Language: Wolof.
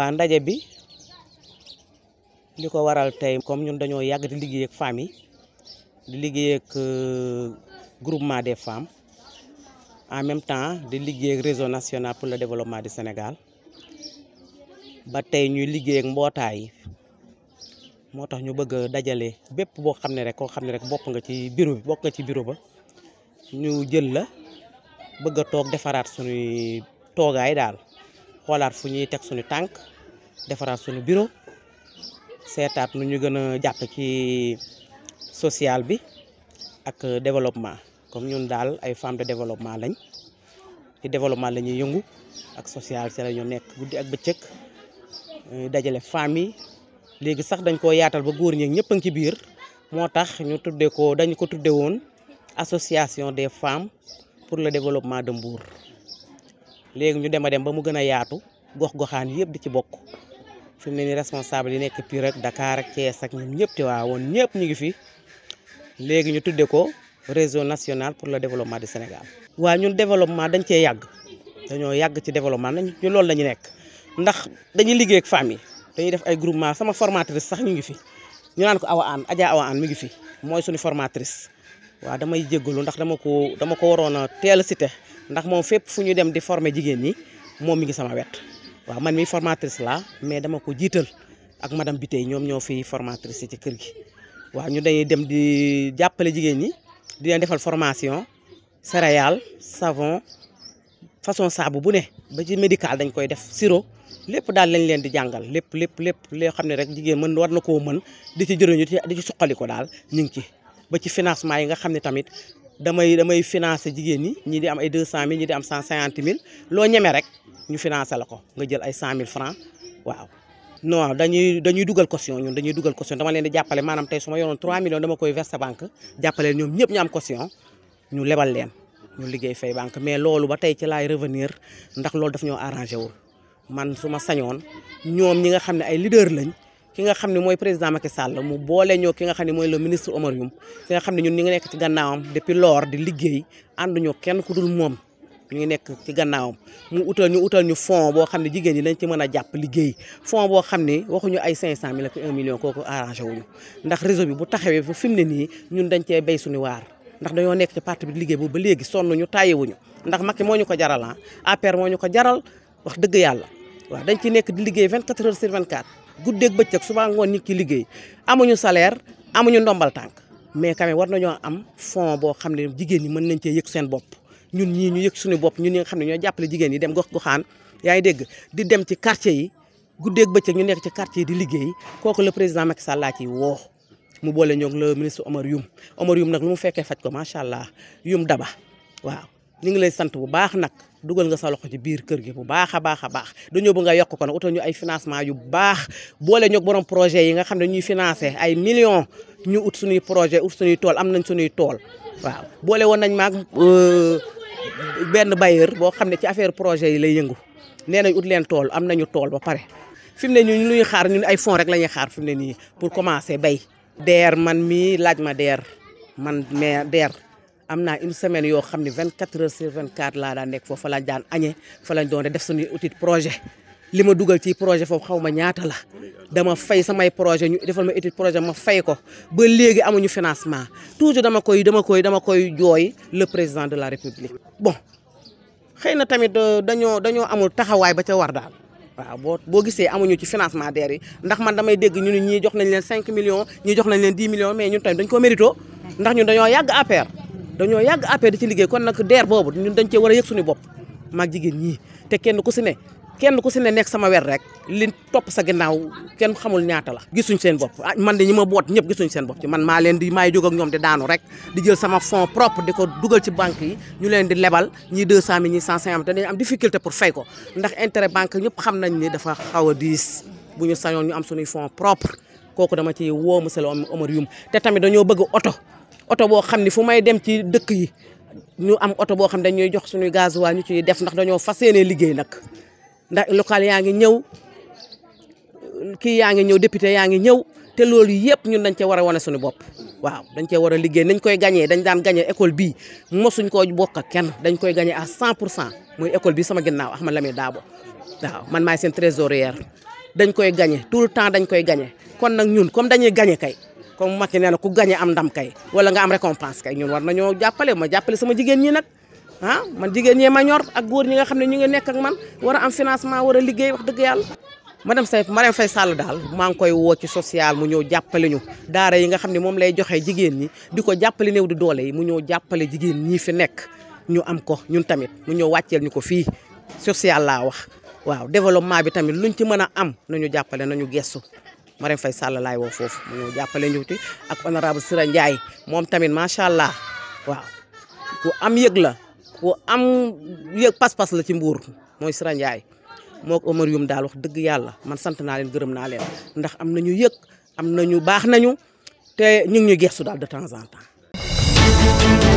waa ndaje bi li ko waral tey comme ñu dañoo yàgg di liggéey ak femmes yi di liggéey euh, groupement des femmes en même temps di liggéey ak réseau national pour le développement de Sénégal ba tey ñuy liggéey ak mbootaay moo tax ñu bëgg dajale bépp boo xam ne rek ko xam ne rek bokk nga ci bureau bokk ci bureau ba ñu jël la bëgg a toog defaraat suñuy toogaay daal. xolaat fu ñuy tek suñu tank defaraat suñu bureau sétat nu ñu gëna japp ci social bi ak développement comme ñun dal ay femme de développement lañ ci développement lañuy yëngu ak social ci la ñu nekk guddi ak bëcëk eh, dajale fami légui sax dañ ko yaatal ba goor ñi ñepp ngi biir motax ñu tuddé ko dañ ko tuddé won association des femmes pour le développement de Mbour léegi ñu dem a dem ba mu gën a yaatu gox-goxaan yëpp di ci bokk fu mu ne nii responsable yi nekk Pire dakaar Dakar ak Thiès ak ñoom ñëpp Tivaouane ñëpp ñu ngi fi léegi ñu tuddee ko réseau national pour le développement du Sénégal. waa ñun développement dañ cee yàgg dañoo yàgg ci développement nañ ñu loolu lañu nekk ndax dañu liggéey ak femmes yi dañuy def ay groupement sama formatrice sax ñu ngi fi ñu naan ko Awa Anne Adja Awa Anne mi ngi fi mooy suñu formatrice. wa damay jéggalu ndax dama ko dama ko waroon tel cité ndax mom fépp fuñu dem di former jigen ni mom mi ngi sama wette wa man mi formatrice la mais dama ko jital ak madame bité ñom ño fi formatrice ci kër gi wa ñu dañuy dem di jappalé jigen ni di len defal formation céréales savon façon sabu bu né ba ci médical dañ koy def siro lepp dal lañ leen di jangal lepp lepp lepp loo xam rek jigéen mën war na koo mën di ci jëriñu di ci suqali ko daal ñu ci ba ci financement yi nga xam tamit damay damay financer jigéen ñi ñii di am ay 200 200000 ñi di am 150000 lo ñëmé rek ñu financer la ko nga jël ay 100000 francs waaw. non dañuy dañuy duggal caution ñun dañuy duggal caution dama leen di jappalé manam tay suma ma 3 millions dama koy verser banque jappalé ñom ñëpp ñu am caution ñu lebal leen ñu liggéey fay banque mais loolu ba tay ci lay revenir ndax loolu daf ñoo arrangé wul man suma sañoon ñom ñi nga xamné ay leader lañ. ki nga xam ne mooy président Macky Sall mu boole ñoo ki nga xam ne mooy le ministre Oumar Youm ki nga xam ne ñun ñu ngi nekk ci gannaawam depuis lors di liggéey ànduñu kenn ku dul moom ñu ngi nekk ci gannaawam mu utal ñu utal ñu fond boo xam ne jigéen ñi dañ ci mën a jàpp liggéey fond boo xam ne waxuñu ay 500 mille ak 1 million kooku arrangé wuñu ndax réseau bi bu taxawee fu fi mu ne nii ñun dañ cee béy suñu waar ndax dañoo nekk ci parti bi liggéey boobu ba léegi sonn ñu tàyyiwuñu ndax Macky moo ñu ko jaral ah moo ñu ko jaral wax dëgg yàlla waaw dañ ci nekk di liggéey 24 heures sur 24 guddeeg bëccëg suba ngoon nit ki liggéey amuñu salaire amuñu ndombal tànk mais quand même war nañoo am fon boo xam ne jigéen ñi mën nañ cee yëg seen bopp ñun ñii ñu yëg suñu bopp ñun ñi xam ne ñoo jàppale jigéen ñi dem gox goxaan yaa ngi dégg di dem ci quartier yi guddeeg bëccëg ñu nekk ci quartier yi di liggéey kooku la président Macky Sall laa ciy woo mu boole ñoog le ministre Omar Youm Omar Youm nag lu mu fekkee faj ko macha allah yum Daba waaw ñu ngi lay sant bu baax nag dugal nga sa loxo ci biir kër gi bu baax a baax a baax dañoo bëgg nga yokk ko nag utal ñu ay financement baax boole ñoog borom projet yi nga xam ne ñuy financé ay millions ñu ut suñuy projet ut suñuy tool am nañ suñuy tool waaw boole woon nañ maag euh, benn bailleur boo xam ne ci affaire projet yi lay yëngu nee nañ ut leen tool am nañu tool ba pare fi mu ne ñu luy xaar ñun ay fonds rek la ñuy xaar fi mu ne nii pour commencer bay deer man mii laaj ma deer man mais deer am naa une semaine yoo xam ne 24 heures sur 24 laa daan nekk foofu fa lañ daan añee fa lañ doon def suñu outil projet. li ma dugal ci projet foofu xaw ma ñaata la dama fay samay projet ñu defal ma étude projet ma fay ko ba léegi amuñu financement toujours dama koy dama koy dama koy jooy le président de la république. bon xëy na tamit euh, dañoo dañoo amul taxawaay ba ca war daal waaw boo boo gisee amuñu ci financement DER yi ndax man damay dégg ñu ne ñii jox nañ leen 5 millions ñii jox nañ leen 10 millions mais ñun tamit dañ ko mérito ndax ñun dañoo yàgg APR. dañoo yàgg APR di ci liggéey kon nag deer boobu ñun dañ cee war a yëg suñu bopp maag jigéen ñii te kenn ku si ne kenn ku si ne nekk sama wer rek li topp sa ginnaaw kenn xamul ñaata la gisuñ seen bopp ah man de ñi ma boot ñëpp gisuñ seen bopp ci man maa leen di maay jóg ak ñoom di daanu rek di jël sama fonds propre di ko dugal ci banque yi ñu leen di lebal ñii deux cent mille ñii cent cinquante te dañu am difficulté pour fay ko ndax intérêt banque ñëpp xam nañ ni dafa xaw a diis bu ñu sañoon ñu am suñuy fonds propre kooku dama ci woo monsieur Omar Youm te tamit dañoo bëgg oto oto boo xam ne fu may dem ci dëkk yi ñu am oto boo xam ne dañuy jox suñuy gasoil ñu ciy def ndax dañoo fas yéene liggéey nag ndax local yaa ngi ñëw kii yaa ngi ñëw député yaa ngi ñëw te loolu yëpp ñun dañ cee war a wane suñu bopp waaw dañ cee war a liggéey nañ koy gañee dañ daan gañee école bii mosuñ koo bokk ak kenn dañ koy gañee à cent pour cent mooy école bi sama ginnaaw Ahmed Lamine Dabo waaw man maay seen trésorière dañ koy gañe tout le temps dañ koy gañe kon nag ñun comme dañuy gañe kay comme Macky nee na ku gagné am ndam kay wala nga am recompence kay ñun war nañoo jàppale ma jàppale sama jigéen ñi nag ah man jigéen ñee ma ñor ak góor ñi nga xam ne ñu ngi nekk man war a am financement war a liggéey dëgg yàlla madame Say Marème daal maa ngi koy woo ci social mu ñëw jàppale ñu daara yi nga xam ne moom lay joxe jigéen ñi di ko jàppale néew di doole yi mu ñëw jàppale jigéen ñi fi nekk ñu am ko ñun tamit mu ñëw wàcceel ñu ko fii social laa wax waaw développement bi tamit luñ ci mën a am nañu jàppale nañu gestu Marème Faye Sall laay woo foofu mu ñëw jàppale ñu ci ak honorable Sira Ndiaye moom tamit macha allah waaw ku am yëg la ku am yëg pas-pas la ci mbuur mooy Sira Ndiaye moo ko Omar Youm daal wax dëgg yàlla man sant naa leen gërëm naa leen ndax am na ñu yëg am na ñu baax nañu te ñu ngi ñuy geestu daal de temps en